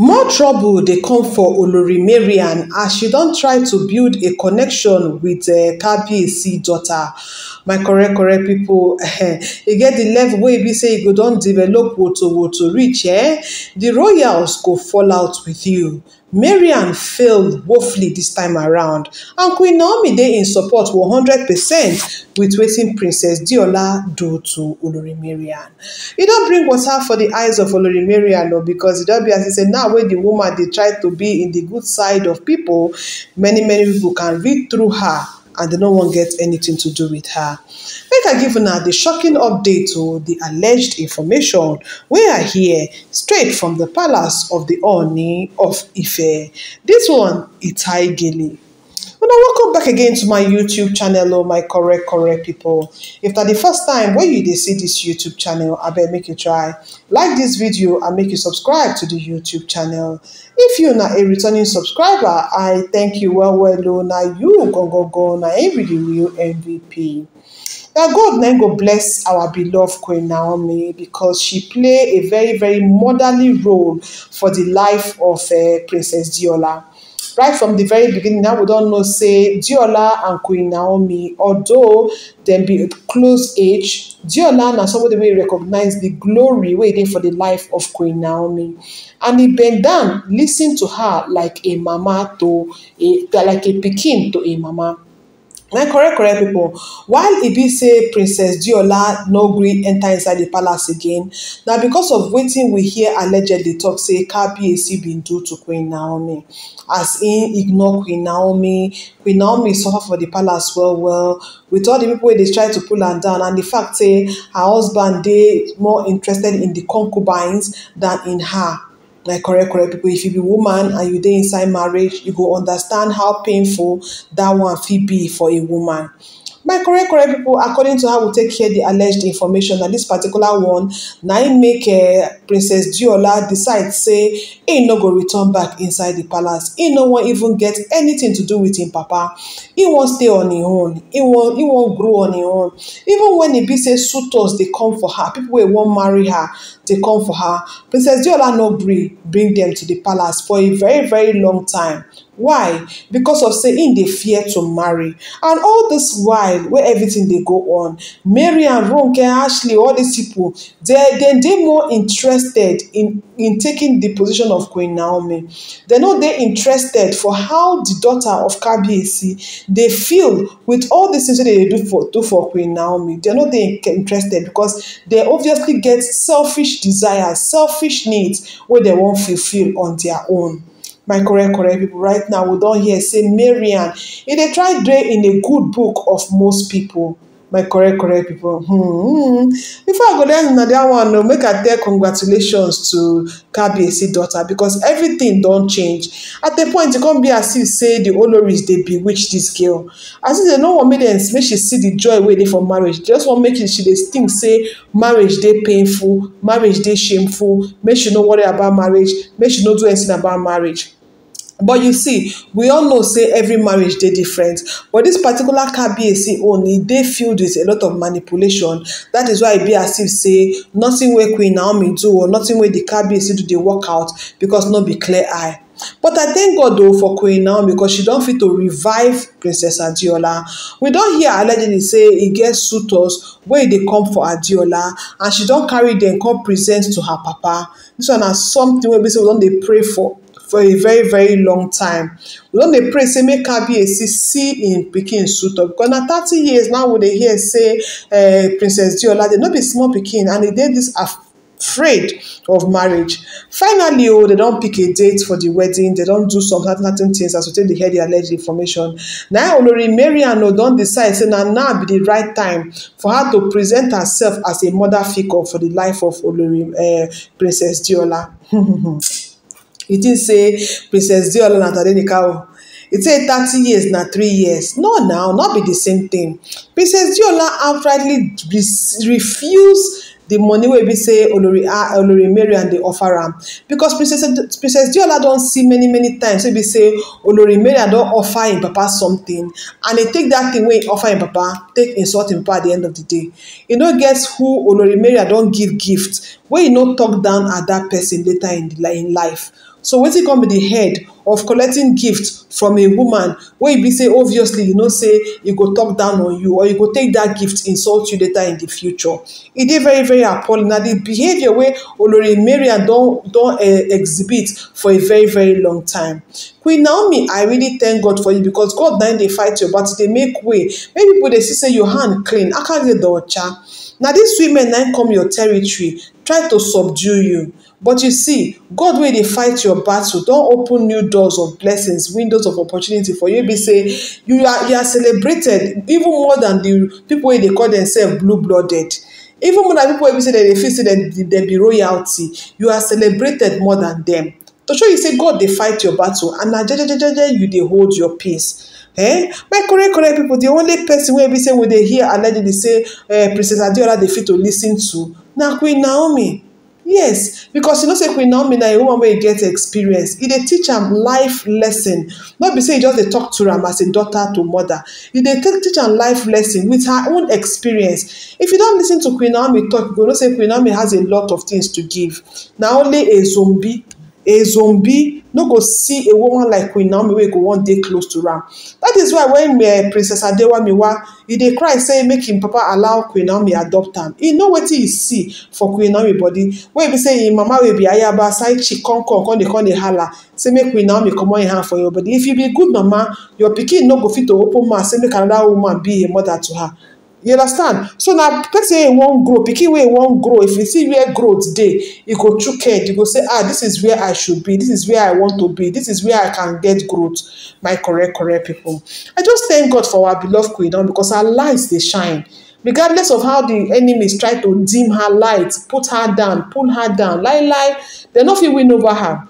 more trouble they come for olori mariam as she don't try to build a connection with um kabiyesi daughter my correct correct people. e get the level wey be say e go don develop woto reach eh the royals go fall out with you marian fail woefully this time around and queen naomi dey in support 100 percent with wetin princess diola do to olorimarian e don bring water for the eyes of olorimarian o oh, because e don be as e say now wey the woman dey try to be in the good side of people, many many people can read through her and they no one get anything to do with her make i give una the shocking update to the alleged information we are here straight from the palace of the oni of ife This one itaigele Now welcome back again to my youtube channel oh my correct correct people. if that the first time wey you dey see this youtube channel I better make you try like this video and make you subscribe to the youtube channel if you're not a returning subscriber i thank you well well o oh, na you go go go. Now be di real mvp Now god na go bless our beloved queen naomi because she play a very very motherly role for the life of eh, princess diola right from the very beginning now we don't know say diola and queen naomi although them be close age diola na somebody wey recognize the glory wey dey for the life of queen naomi and he bend down lis ten to her like a mama to a like a pikin to a mama my correct correct pipo while e be say princess diola no gree enter inside di palace again na becos of wetin we hear allegedly tok say kbac bin do to queen naomi as im ignore queen naomi queen naomi suffer for di palace well well with all di pipo wey dey try to pull am down and di fact say her husband dey more interested in di concubines than in her like correct correct people if you be woman and you dey inside marriage you go understand how painful that one fit be for a woman my correct correct people. according to how we take hear the alleged information na this particular one na make make eh, princess diola decides say he no go return back inside the palace he no wan even get anything to do with him papa he won't stay on his own he won't grow on his own even when the be say suitors they come for her pipo won't marry her they come for her princess diola no bring bring them to the palace for a very very long time why because of saying they fear to marry and all this while where everything they go on mary and ronke ashley all people, they they they more interested interested in, in taking the position of Queen Naomi. They're not they interested for how the daughter of Kabiesi, they feel with all the things that they do for, do for Queen Naomi. They're not they interested because they obviously get selfish desires, selfish needs where they won't fulfill on their own. my correct correct people right now we don't hear say Marianne. If they try to in a good book of most people my correct correct people. hmm before hmm. i go let na that one o make i tell congratulations to kabiyesi daughter because everything don change at a point e come be as if say the oloris dey bewitch this girl as if dem no wan make dem make she see the joy wey dey for marriage they just want make she dey think say marriage dey painful marriage dey shameful make she no worry about marriage make she no do anything about marriage but you see we all know say every marriage they different but this particular kabiyesi only, they feel filled with a lot of manipulation that is why e be as if say nothing where queen naomi do or nothing where the kabiyesi do they work out because no be clear eye but i thank god though for queen naomi because she don't fit to revive princess Adiola. we don't hear allegedly say he gets suitors where they come for Adiola and she don't carry them come present to her papa This one has something where be say we don pray for for a very very long time we don dey pray say make a see im pikin suit up because na thirty years now we dey hear say uh, princess deolade no be small pikin and e dey this afraid of marriage finally oh, they don pick a date for the wedding They don do some certain certain things as we take dey hear the alleged information na olori mariano don decide say na now be the right time for her to present herself as a mother figure for the life of olori eh, princess diola you think say princess Diola na tadenika o e say thirty years na three years no now not be the same thing princess Diola outrightly refuse the money wey be say olori ah, marian dey offer am because princess Princess diola don see many many times wey be say olori marian don offer im papa something and e take dat thing wey im e offer im papa take insult im papa at the end of the day e no get who olori marian don give gift wey e no talk down at dat person later in life so wetin come be the head of collecting gift from a woman wey e be say obviously you know say e go talk down on you or you e go take that gift insult you later in the future e dey very very appalling na the behaviour wey olori marian don don eh, exhibit for a very very long time queen naomi i really thank god for you because god na im dey fight your battle dey make way make pipo dey see say your hand clean aka dey ọcha na these women na come your territory try to subdue you but you see god wey they fight your battle Don't open new doors of blessings windows of opportunity for you e be say you are you are celebrated even more than the people where they call themselves blue blooded even more than people where they say that they feel that they be royalty you are celebrated more than them. to show you say god they fight your battle and na you they hold your peace eh my correct correct people. The only person where be say we they hear allegedly say eh, princess adiola dey fit to listen to na queen naomi yes because you know say queen naomi na a woman wey get experience e dey teach am life lesson not be say e just dey talk to am as a daughter to mother e dey teach am life lesson with her own experience if you don lis ten to queen naomi talk you go know say queen naomi has a lot of things to give na only a zombie a zombie no go see a woman like queen naomi wey go wan dey close to am that is why wen eh, princess adewamiwa e dey cry say make im papa allow queen naomi adopt am e know wetin e see for queen naomi body wey be say im mama wey be ayaba side chick come come dey come dey hala say make queen naomi comot im hand for your body if you be good mama your pikin no go fit to open mouth say make another woman be a mother to her you understand so na person wey wan grow pikin wey wan grow if you see where growth dey e go chook head e go say ah this is where i should be this is where i want to be this is where i can get growth my correct correct people i just thank god for our beloved queen Naomi because her light dey shine regardless of how the enemies try to dim her light put her down pull her down lie lie dem no fit win over her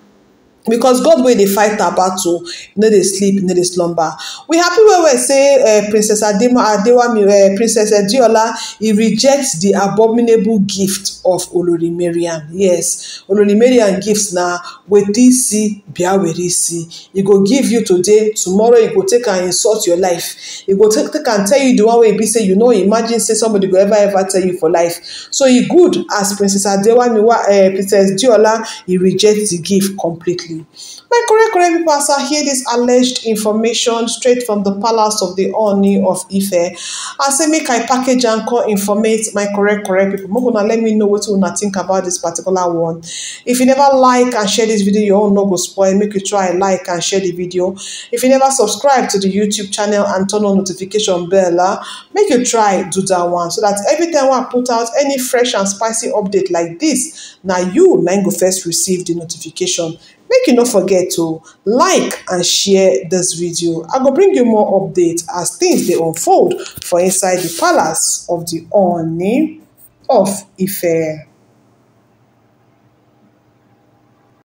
because God wey dey fight our battle, no they sleep, no they slumber. We happy when we say uh, Princess Adema Adewami, uh, Princess Adiola, He rejects the abominable gift of Olori Mariam. Yes, Olori Mariam gifts na wetin see bia he see. He go give you today, tomorrow he go take and insult your life. He go take, take tell you the one way. be say you know. imagine say somebody go ever ever tell you for life. So he good as Princess Adewami, uh, Princess Diola. He reject the gift completely. My correct correct people, as I hear this alleged information straight from the palace of the Oni of Ife, I say make I package and call informate my correct correct people. More gonna let me know what you wanna think about this particular one. If you never like and share this video, your own no go spoil. Make you try like and share the video. If you never subscribe to the YouTube channel and turn on notification bell, ah, make you try do that one so that every time wey i put out any fresh and spicy update like this, na you na go first receive the notification make you no forget to like and share this video i go bring you more update as things dey unfold for inside the palace of the Oni of Ife.